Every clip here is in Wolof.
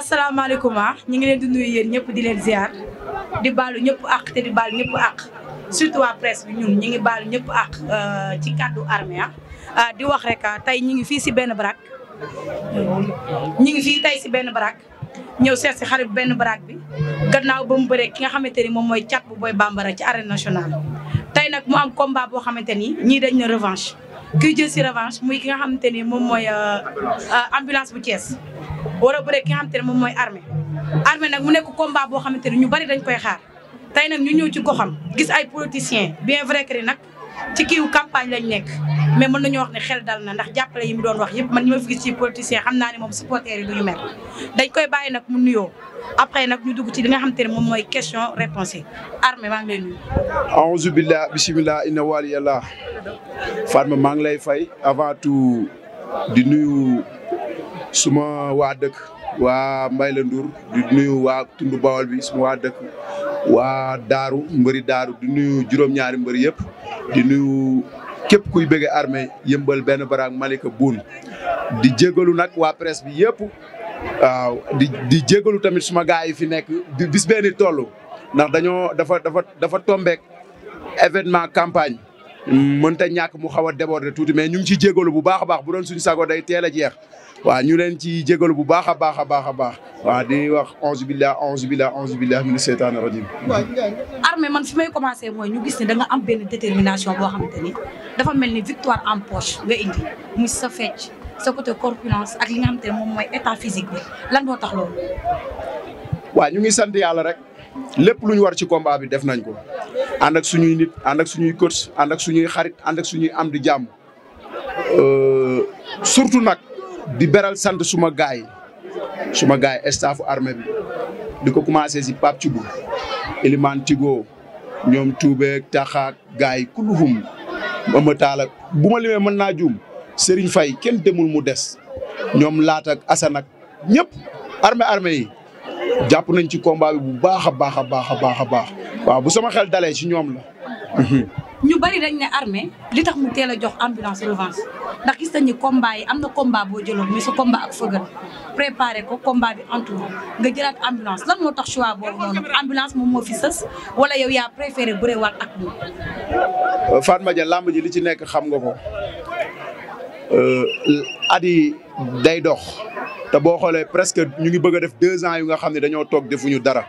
asalaamaaleykum ah, ñu ngi leen di nuyu yéen ñëpp di leen ziar di baalu ñëpp àq te di baalu ñëpp àq surtout waa presse bi ñun ñu ngi baalu ñëpp àq euh, ci kàddu armée ah euh, di wax rek ah, tey ñu ngi fii si benn barak ñu ngi fi tey si benn barak ñëw seet si xarit benn barak bi gannaaw ba mu bëree ki nga xamante ni moom mooy cat bu booy bambara ci arène nationale. tey nag mu am combat boo xamante ni ñii dañ na revanche. kuy jël si revanche muy ki nga xamante ni moom mooy euh, ambulance bu cees war a bëre ki nga xamante ne moom mooy armée armée nag mu nekk combat boo xamante ni ñu bari dañ koy xaar tey nag ñu ñëw ci goxam gis ay politiciens bien vrai que nag ci kiiw campagne lañ nekk mais mën nañu wax ne xel dal na ndax jàppale yi mu doon wax yëpp man ñi ma fi gis ci politicien xam naa ne moom supporters yi duñu mer dañ koy bàyyi nag mu nuyoo après nag ñu dugg ci li nga xam te ne moom mooy question réponse yi Armé maa ngi lay nuyu aouzu billah bisimilah inna wali yàlla Fatma maa ngi lay fay avant tout di nuyu suma waa dëkk waa Mbayla Ndour di nuyu waa tund Bawol bi suma waa dëkk waa daaru mbëri daaru di nuyu juróom-ñaari mbëri yëpp di nuyu képp kuy bëgge armée yëmbal benn baraak Malika Boun di jégalu nag waa presse bi yëpp di di jégalu tamit suma gaay yi fi nekk di bis benn toll ndax dañoo dafa dafa dafa tombeek événement campagne mënta ñàkk mu xaw a déborder tuuti mais ñu ngi ciy jégalu bu baax a baax bu doon suñu sago day teel a ñu leen ci jégalu bu baax a baax a baax a baax waaw di wax onze billah onze billah onze billah mina seytaani rajim armée man fi may commencé mooy ñu gis ne da am benn détermination boo xamante ni dafa mel ni victoire en poche nga indi muy sa fecc sa côté corpulence ak li nga xamante ne moom mooy état physique bi lan moo tax loolu waaw ñu ngi sant yàlla rek lépp lu ñu war ci combat bi def nañ ko ànd ak suñuy nit ànd ak suñuy coach ànd ak suñuy xarit ànd ak suñuy am di jàmm euh, surtout nag di beral sant suma gaay yi suma gaay yi staffu armée bi di ko commencé si Pape Thioub Elimane Tigo ñoom Toubé Taxaak gaay yi kulluhum Mama Talla bu ma limee mën naa juum Serigne Faye kenn demul mu des ñoom laata ak Assane ñëpp armée armée yi jàpp nañ ci combat bu baax a baax a baax a baax a baax waaw bu sama xel dalee ci ñoom la. ñu bari dañ ne armée li tax mu teel a jox ambulance revanche ndax gis nañu combat yi am na combat boo jëloo mais sa combat ak fëgal préparé ko combat bi nga jëlaat ambulance lan moo tax choix boo noonu ambulance moom moo fi sës wala yow yaa préféré bëreewaat ak moom. Fatma Dia làmb ji li ci nekk xam nga ko euh, at day dox te boo xoolee presque ñu ngi bëgg def deux ans yu nga xam ne dañoo toog defuñu dara.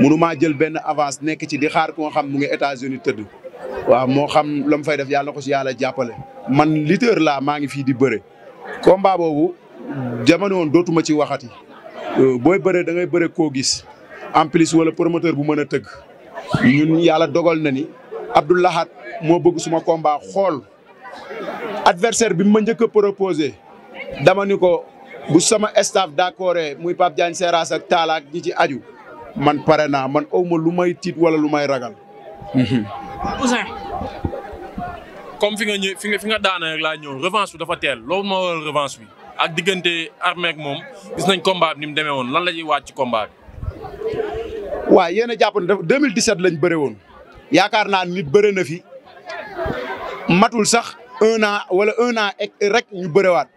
mënumaa jël benn avance nekk ci di xaar ku xam mu ngi États-Unis tëdd. waaw moo xam la mu fay def yàlla ko si yàlla jàppale. man lutteur laa maa ngi fii di bëre. combat boobu jamono woon dootuma ci waxati. Euh, booy bëre da ngay bëre koo gis. en plus wala promoteur bu mën a tëgg. ñun yàlla dogal na ni. Abdou Lahad moo bëgg suma combat xool. adversaire bi ma njëkk a proposé. dama ni ko bu sama staff d' accord muy Pape Diagne Seras ak Talla ak ci aju. man pare naa man aw ma lu may tiit wala lu may ragal. Mhm. Ouzin. comme fi nga ñëw fi nga fi nga daana la laa ñëw revanche bi dafa teel loolu moo waral revanche bi ak diggante Armé moom gis nañ combat bi ni mu demee woon lan la ñuy wàcc ci combat bi. waaw yéen a jàpp ne 2017 lañ bëre woon yaakaar naa nit bëre na fi matul sax un an wala un an rek ñu bërewaat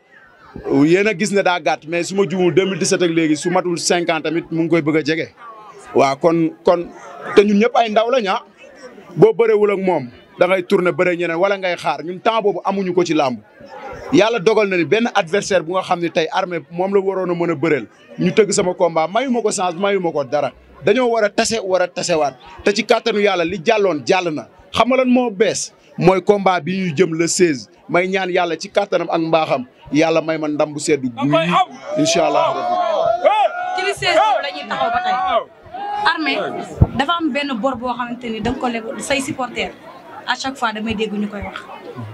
yéen a gis ne daa gàtt mais su ma juumul 2017 ak léegi su matul cinq ans mu ngi koy bëgg a jege. waaw kon kon te ñun ñëpp ay ndaw lañ ah boo bëreewul ak moom da turne tourner bëre ñeneen wala ngay xaar ñun temps boobu amuñu ko ci làmb yàlla dogal na ni benn adversaire bu nga xam ne tey armée moom la waroon a mën a bëreel ñu tëgg sama combat mayuma ko chance mayu ma ko dara dañoo war a tase war a tasewaat te ci kàttanu yàlla li jàlloon jàll na xam nga lan moo bees mooy combat bi ñuy jëm la 16 may ñaan yàlla ci kàttanam ak mbaaxam yàlla may ma ndam bu seddu guy incha allah rabbi mais dafa am benn bor boo xamante ni da ko lebal say supporter à chaque fois damay dégg ñu koy wax.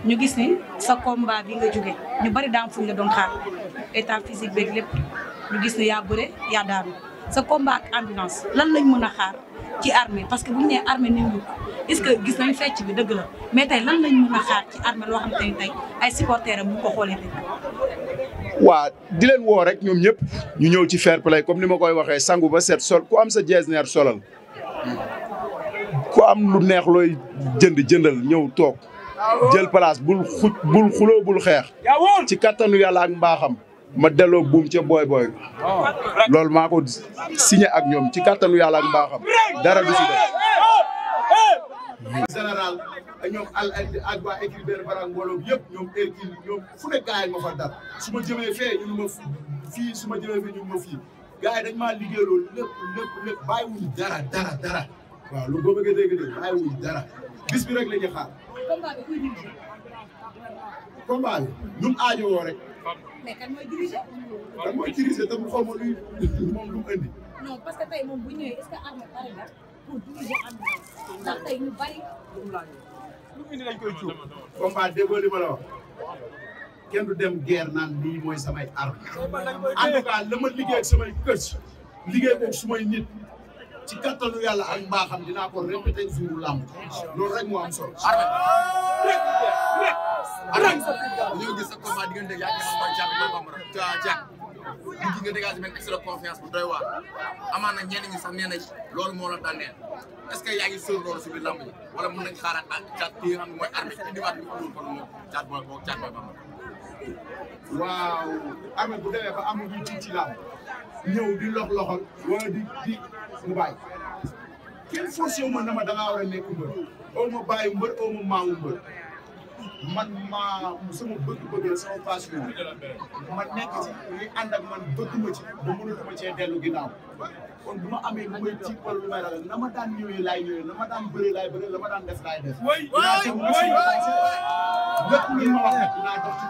ñu gis ni sa combat bi nga jógee ñu bari daam fuñ la doon xaar état physique beeg lépp ñu gis ne yaa bëre yaa daanu sa combat ak ambulance lan lañ mën a xaar ci armée parce que bu ñu nee armée ni mu est que gis nañu fecc bi dëgg la mais tey lan lañ mën a xaar ci armée loo xam te ni tey ay supporters am bu ko xoolee dëgg. waa di leen woo rek ñoom ñëpp ñu ñëw ci fair play comme ni ma koy waxee sangu ba set sol ku am sa jeesneer solal ku am lu neex looy jënd jëndal ñëw toog jël place bul bul xuloo bul xeex ci kattanu yàlla ak mbaaxam ma delloo buum ca booy booy oh. loolu maa ko signé ak ñoom ci kattanu yàlla ak mbaaxam dara du si général ñoom al ak waa écrit benn barak mbooloo yëpp ñoom Hercule ñoom fu ne gars yi ma fa dal su ma jëmee fee ñu ma fii su ma jëmee fee ñu ma fii gars yi dañ maa liggéeyloo lépp lépp lépp bàyyiwuñu dara dara dara waaw lu boo bëggee dégg dégg bàyyiwuñu dara bis bi rek la ñuy xaar combat bi parce que tey moom pour diriger ambulance ndax tey ñu kenn du dem guerre naan lii mooy samay arme en tout cas la liggéey ak samay coach liggéey ko sumay nit ci kattanu yàlla ak mbaaxam dinaa ko répété jour làmb loolu rek moo am solo arme arme ñu gis sa combat diggante yaa ñu gis nga dégage benn excès de confiance bu doy waar amaan na ñenn ñi sax nee loolu moo la daaneel est-ce que yaa ngi sóor loolu si biir lamb yi wala mën nañ xaaraat ak caat kii nga mooy armée ci indiwaat bi ñu kon moom caat booy boo caat waaw armée bu demee ba amul ñu ñëw di lox loxol wala di di mu bàyyi kenn forcé wu na ma da ngaa war a nekk mbër oo ma bàyyi mbër man maa sama bëgg-bëgg la sama passion ma nekk ci li ànd ak man bëgg ma ci ba mënatuma cee dellu ginnaaw kon bu ma amee lu may tiit wala lu may na daan ñëwee laay ñëwee na daan bëree laay bëree la daan def laay def. dinaa dem ba suñu passé lépp lu ma wax rek dinaa dox ci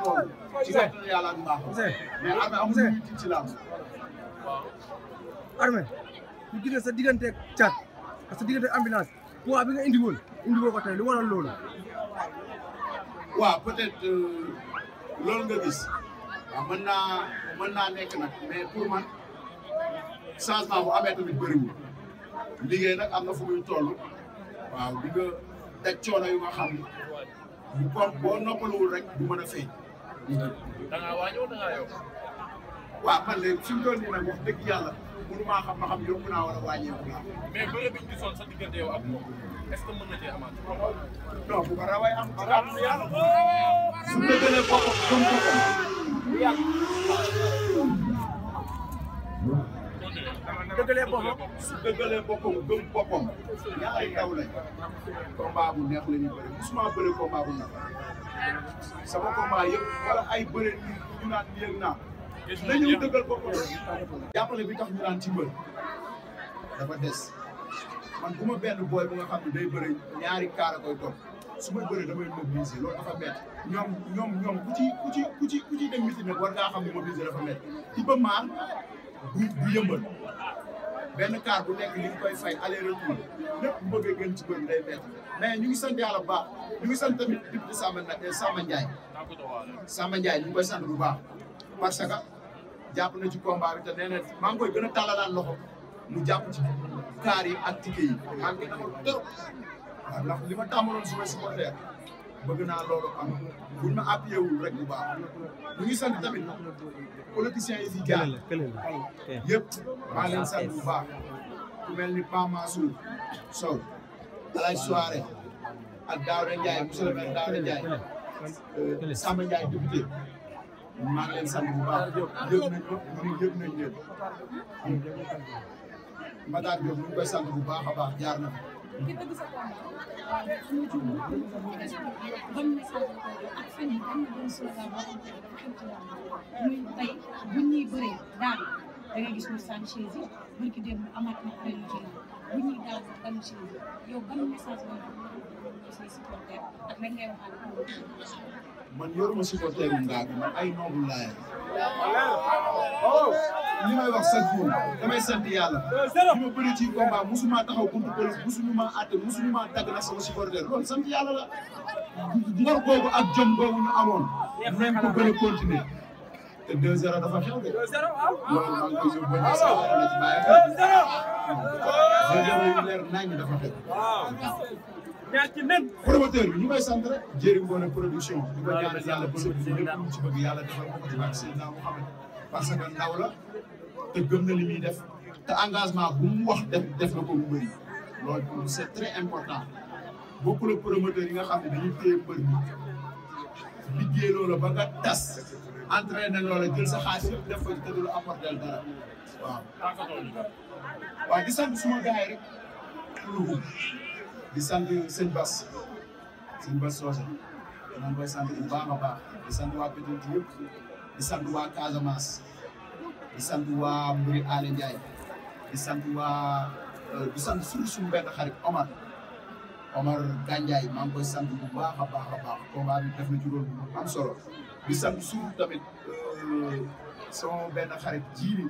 loolu ñu gisee sa digganteeg cat ak sa digganteeg ambulance poids bi nga indiwoon indiwoo ko tey lu waral loolu. waaw peut-être euh, loolu nga gis waaw mën naa mën naa nekk nag mais pour man changement bu amee tamit bëriwul liggéey nag am na fu muy toll waaw di nga daj coono yu nga xam bu ko boo noppaluwul rek du mën a feeñ. da ngaa wàññiwoon da ngaa yokk. waaw man léegi fi mu nag wax dëgg yàlla mënu maa xam ma xam yokku naa wala wàññeeku naa. mais bëre est-ce que mën na cee amaat non bu ko rawee am bu ko rawee am su dëggalee boppam gëm boppam bu yàgg dëggalee boppam su dëggalee boppam gëm boppam yaa ay taw lañ combat bu neex la ñuy bëri musuma bëri combat bu neex sama combat yëpp wala ay bëri ñu ñu naan yëg naa nañu dëggal boppam jàppale bi tax ñu naan ci mbër dafa des man bu ma benn booy bu nga xam ne day bëri ñaari kaara koy topp su may bëree damay mobiliser loolu dafa métti ñoom ñoom ñoom ku ci ku ci ku ci ku ci dem miti nag war ngaa xam ne mobiliser dafa métti ci ba maar bu benn kaar bu nekk li nga koy fay aller retour lépp bu bëggee gën ci day métti mais ñu ngi sant yàlla bu baax ñu ngi sant tamit dib di Samba nag eh, Samba Ndiaye Samba Ndiaye ñu ngi koy sant bu baax parce que jàpp na ci combat bi te nee na maa ngi koy gën a loxo mu jàpp ci kaar yi ak tike yi maa ngi koy trop bëgg naa loolu am buñ ma appuyé rek bu baax ñu ngi sant tamit politiciens yi fi yëpp maa sant bu baax ku mel ni Paa Mansour Sow Alay Soare ak Daouda Ndiaye monsieur le maire Daouda Ndiaye euh, Samba Ndiaye député maa ngi leen sant bu baax yëg nañ ko ñu yëg nañ leen Matar Diop ñu ngi bu baax a baax jaar na ko. da ngay gis mu sànni chaise yi bu ñu ko démb amaat na xëy na jënd bu ñuy daal ban chaise yow ban message nga jox say supporter ak lan ngay waxal man yoruma supporter yu ndaag man ay noobu laay. li may wax chaque jour damay sant yàlla li ma bëri ci combat musuma taxaw buntu police musuñu ma àtte musuñu ma dagg na sama supporter sant yàlla la ngor googu ak jom googu amoon nañ ko gën a continuer te 2-0 dafa xew de ah. loolu maa ngi koy yóbbu ba sa la ci bàyyi xel 2-0 yu bi ñu may sant rek jëri woon production di ko ñaan yàlla bërëb bi lépp yàlla defal ko te na li muy def te engagement bu mu wax def def na ko mu bëri loolu moom très important beaucoup de promoteurs yi nga xam ne dañuy téye mbër bi liggéey loola ba nga tas entraîné loola jël sa xaalis yëpp def ko te du la apporté dara waaw. di sant suma gars yi rek di sant sëñ Bas sëñ Bas Soose maa ngi koy sant bu baax a baax di sant waa Petite yëpp di sant waa Casamance. di sant waa mbiri Aane Ndiaye di sant waa euh, di sant suñu suñu benn xarit Omar Omar Gandiaye maa koy sant bu baax a baax a baax combat def na ci rôle bu am solo di sant suñu tamit euh, sama benn xarit jiiri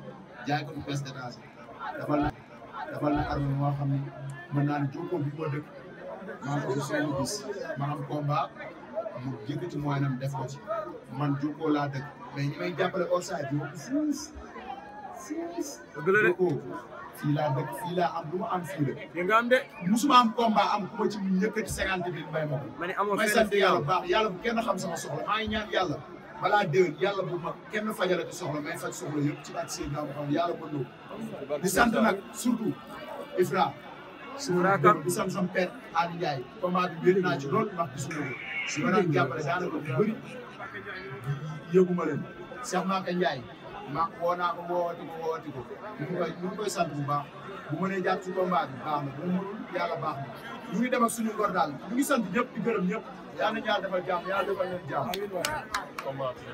jaay ko du bés dérange dafal na na moo xam ne naa ne jokkoo bi ma dëkk maa ngi mu def ko ci man jokkoo laa dëkk mais ñi may jàppale Orsay bi dëgg la de fii laa dëkk fii laa am lu ma am fii musuma am combat am ku ma ci yëkkati cinquante mille bay ma ko. ma ne baax yàlla bu kenn xam sama soxla maa ngi ñaan balaa déwén yàlla bu ma kenn fajalati soxla may faj soxla yëpp ci bàtt Seydina Mouhamed yàlla mën na di sant nag surtout Ifra. Ifra kan di sant sama père Aliou Ndiaye. combat bi naa ci lool ndax gisuma ko. su ma daan jàppale daanaka lu bëri yëguma ma woo naa ko woowati ko woowati ko mu ngi koy mu ngi koy sant bu baax bu mënee jàpp ci combat bi baax na bu mënul yàlla baax na ñu ngi dem ak suñu ngor daal ñu ngi sant ñëpp di gërëm ñëpp yàlla na ñaar defal jàmm yàlla defal leen jàmm